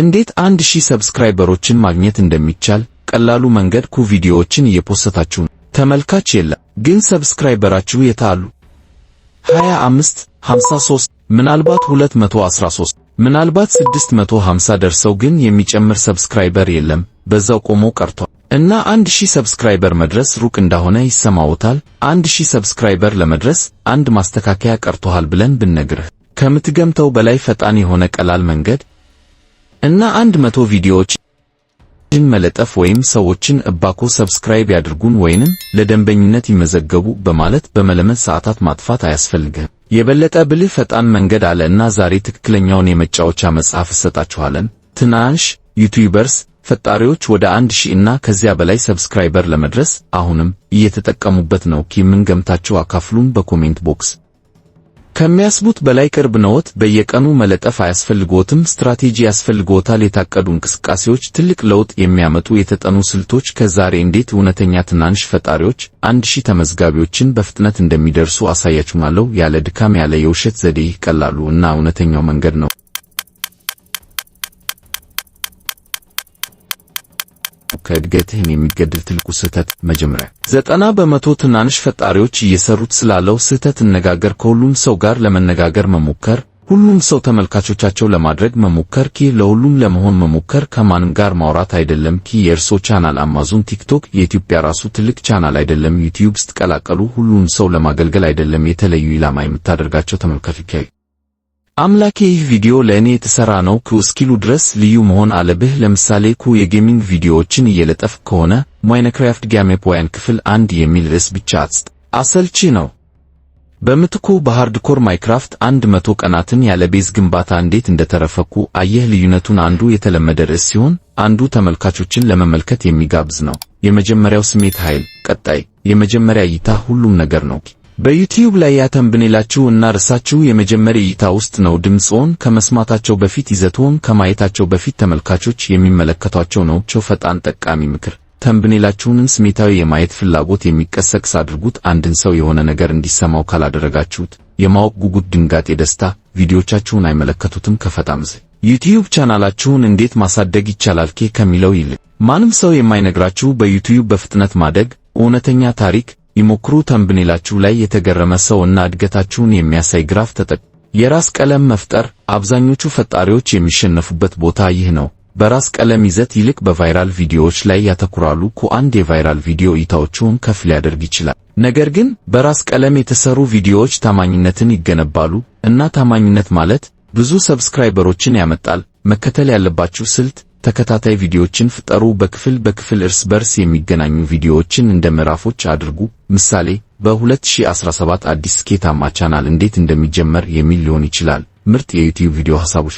እንዴት አንድ ሺህ ሰብስክራይበሮችን ማግኘት እንደሚቻል ቀላሉ መንገድ ኩ ቪዲዮዎችን እየፖስታችሁ ነው። ተመልካች የለም፣ ግን ሰብስክራይበራችሁ የታሉ? 25፣ 53፣ ምናልባት 213፣ ምናልባት 650 ደርሰው ግን የሚጨምር ሰብስክራይበር የለም፣ በዛው ቆሞ ቀርቷል። እና አንድ ሺህ ሰብስክራይበር መድረስ ሩቅ እንደሆነ ይሰማውታል። አንድ ሺህ ሰብስክራይበር ለመድረስ አንድ ማስተካከያ ቀርቶሃል ብለን ብንነግርህ ከምትገምተው በላይ ፈጣን የሆነ ቀላል መንገድ እና አንድ መቶ ቪዲዮዎችን መለጠፍ ወይም ሰዎችን እባኮ ሰብስክራይብ ያድርጉን ወይንም ለደንበኝነት ይመዘገቡ በማለት በመለመን ሰዓታት ማጥፋት አያስፈልግህም። የበለጠ ብልህ ፈጣን መንገድ አለ እና ዛሬ ትክክለኛውን የመጫወቻ መጽሐፍ እሰጣችኋለን። ትናንሽ ዩቲዩበርስ ፈጣሪዎች ወደ አንድ ሺህ እና ከዚያ በላይ ሰብስክራይበር ለመድረስ አሁንም እየተጠቀሙበት ነው። ኪምን ገምታችሁ አካፍሉን በኮሜንት ቦክስ ከሚያስቡት በላይ ቅርብ ነዎት። በየቀኑ መለጠፍ አያስፈልግዎትም። ስትራቴጂ ያስፈልግዎታል። የታቀዱ እንቅስቃሴዎች ትልቅ ለውጥ የሚያመጡ የተጠኑ ስልቶች። ከዛሬ እንዴት እውነተኛ ትናንሽ ፈጣሪዎች አንድ ሺህ ተመዝጋቢዎችን በፍጥነት እንደሚደርሱ አሳያችኋለሁ። ያለ ድካም፣ ያለ የውሸት ዘዴ። ይህ ቀላሉ እና እውነተኛው መንገድ ነው። ከእድገትህን የሚገድል ትልቁ ስህተት መጀመሪያ ዘጠና በመቶ ትናንሽ ፈጣሪዎች እየሰሩት ስላለው ስህተት እነጋገር ከሁሉም ሰው ጋር ለመነጋገር መሞከር ሁሉም ሰው ተመልካቾቻቸው ለማድረግ መሞከር ኪ ለሁሉም ለመሆን መሞከር ከማንም ጋር ማውራት አይደለም ኪ የእርሶ ቻናል አማዞን ቲክቶክ የኢትዮጵያ ራሱ ትልቅ ቻናል አይደለም ዩቲዩብ ስትቀላቀሉ ሁሉም ሰው ለማገልገል አይደለም የተለዩ ኢላማ የምታደርጋቸው ተመልካቾች አምላኬ ይህ ቪዲዮ ለእኔ የተሠራ ነው ኩ እስኪሉ ድረስ ልዩ መሆን አለብህ። ለምሳሌ ኩ የጌሚንግ ቪዲዮዎችን እየለጠፍ ከሆነ ማይንክራፍት ጋሜፕ ክፍል አንድ የሚል ርዕስ ብቻ አትስጥ፣ አሰልቺ ነው። በምትኩ በሃርድኮር ማይክራፍት አንድ መቶ ቀናትን ያለ ቤዝ ግንባታ እንዴት እንደተረፈኩ አየህ ልዩነቱን። አንዱ የተለመደ ርዕስ ሲሆን፣ አንዱ ተመልካቾችን ለመመልከት የሚጋብዝ ነው። የመጀመሪያው ስሜት ኃይል፣ ቀጣይ የመጀመሪያ እይታ፣ ሁሉም ነገር ነው። በዩቲዩብ ላይ ያተምብኔላችሁ እና ርሳችሁ የመጀመሪያ እይታ ውስጥ ነው። ድምፅዎን ከመስማታቸው በፊት ይዘትዎን ከማየታቸው በፊት ተመልካቾች የሚመለከቷቸው ነው። ፈጣን ጠቃሚ ምክር ተምብኔላችሁንን ስሜታዊ የማየት ፍላጎት የሚቀሰቅስ አድርጉት። አንድን ሰው የሆነ ነገር እንዲሰማው ካላደረጋችሁት የማወቅ ጉጉት፣ ድንጋጤ፣ ደስታ ቪዲዮቻችሁን አይመለከቱትም። ዘ ዩቲዩብ ቻናላችሁን እንዴት ማሳደግ ይቻላል ከሚለው ይልቅ ማንም ሰው የማይነግራችሁ በዩቲዩብ በፍጥነት ማደግ እውነተኛ ታሪክ ይሞክሩ ተምብኔላችሁ ላይ የተገረመ ሰው እና እድገታችሁን የሚያሳይ ግራፍ ተጠቅ የራስ ቀለም መፍጠር አብዛኞቹ ፈጣሪዎች የሚሸነፉበት ቦታ ይህ ነው። በራስ ቀለም ይዘት ይልቅ በቫይራል ቪዲዮዎች ላይ ያተኩራሉ። አንድ የቫይራል ቪዲዮ እይታዎችውን ከፍ ሊያደርግ ይችላል፣ ነገር ግን በራስ ቀለም የተሰሩ ቪዲዮዎች ታማኝነትን ይገነባሉ እና ታማኝነት ማለት ብዙ ሰብስክራይበሮችን ያመጣል። መከተል ያለባችሁ ስልት ተከታታይ ቪዲዮዎችን ፍጠሩ። በክፍል በክፍል እርስ በርስ የሚገናኙ ቪዲዮዎችን እንደ ምዕራፎች አድርጉ። ምሳሌ በ2017 አዲስ ስኬታማ ቻናል እንዴት እንደሚጀመር የሚል ሊሆን ይችላል። ምርጥ የዩቲዩብ ቪዲዮ ሐሳቦች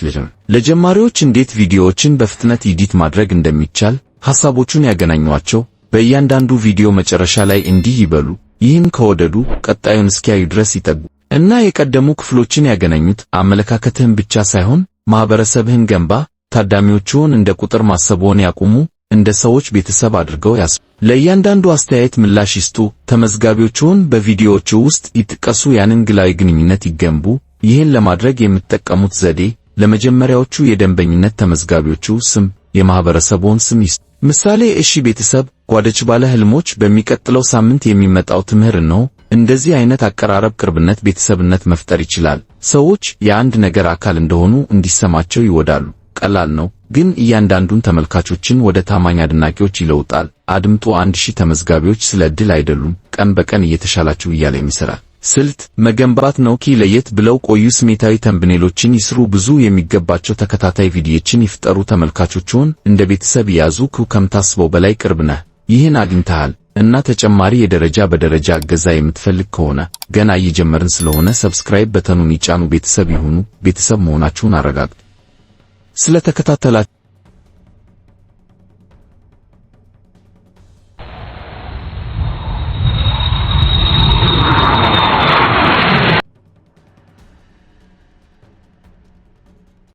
ለጀማሪዎች እንዴት ቪዲዮዎችን በፍጥነት ኤዲት ማድረግ እንደሚቻል ሐሳቦቹን ያገናኟቸው። በእያንዳንዱ ቪዲዮ መጨረሻ ላይ እንዲህ ይበሉ፣ ይህን ከወደዱ ቀጣዩን እስኪያዩ ድረስ ይጠጉ እና የቀደሙ ክፍሎችን ያገናኙት። አመለካከትህን ብቻ ሳይሆን ማኅበረሰብህን ገንባ። ታዳሚዎችዎን እንደ ቁጥር ማሰቦን ያቁሙ። እንደ ሰዎች ቤተሰብ አድርገው ያስ ለእያንዳንዱ አስተያየት ምላሽ ይስጡ። ተመዝጋቢዎችዎን በቪዲዮዎቹ ውስጥ ይጥቀሱ። ያንን ግላዊ ግንኙነት ይገንቡ። ይህን ለማድረግ የምትጠቀሙት ዘዴ ለመጀመሪያዎቹ የደንበኝነት ተመዝጋቢዎቹ ስም፣ የማህበረሰቡን ስም ይስጡ። ምሳሌ፣ እሺ ቤተሰብ፣ ጓደች፣ ባለ ህልሞች። በሚቀጥለው ሳምንት የሚመጣው ትምህር ነው። እንደዚህ አይነት አቀራረብ ቅርብነት፣ ቤተሰብነት መፍጠር ይችላል። ሰዎች የአንድ ነገር አካል እንደሆኑ እንዲሰማቸው ይወዳሉ። ቀላል ነው፣ ግን እያንዳንዱን ተመልካቾችን ወደ ታማኝ አድናቂዎች ይለውጣል። አድምጡ። አንድ ሺህ ተመዝጋቢዎች ስለ ድል አይደሉም፣ ቀን በቀን እየተሻላችሁ እያለ የሚሰራል ስልት መገንባት ነው። ኪ ለየት ብለው ቆዩ። ስሜታዊ ተምብኔሎችን ይስሩ። ብዙ የሚገባቸው ተከታታይ ቪዲዮችን ይፍጠሩ። ተመልካቾችን እንደ ቤተሰብ ያዙ። ኩ ከምታስበው በላይ ቅርብ ነህ፣ ይህን አግኝተሃል እና ተጨማሪ የደረጃ በደረጃ እገዛ የምትፈልግ ከሆነ ገና እየጀመርን ስለሆነ ሰብስክራይብ በተኑን ይጫኑ። ቤተሰብ ይሁኑ። ቤተሰብ መሆናችሁን አረጋግጡ። ተከታተላችሁ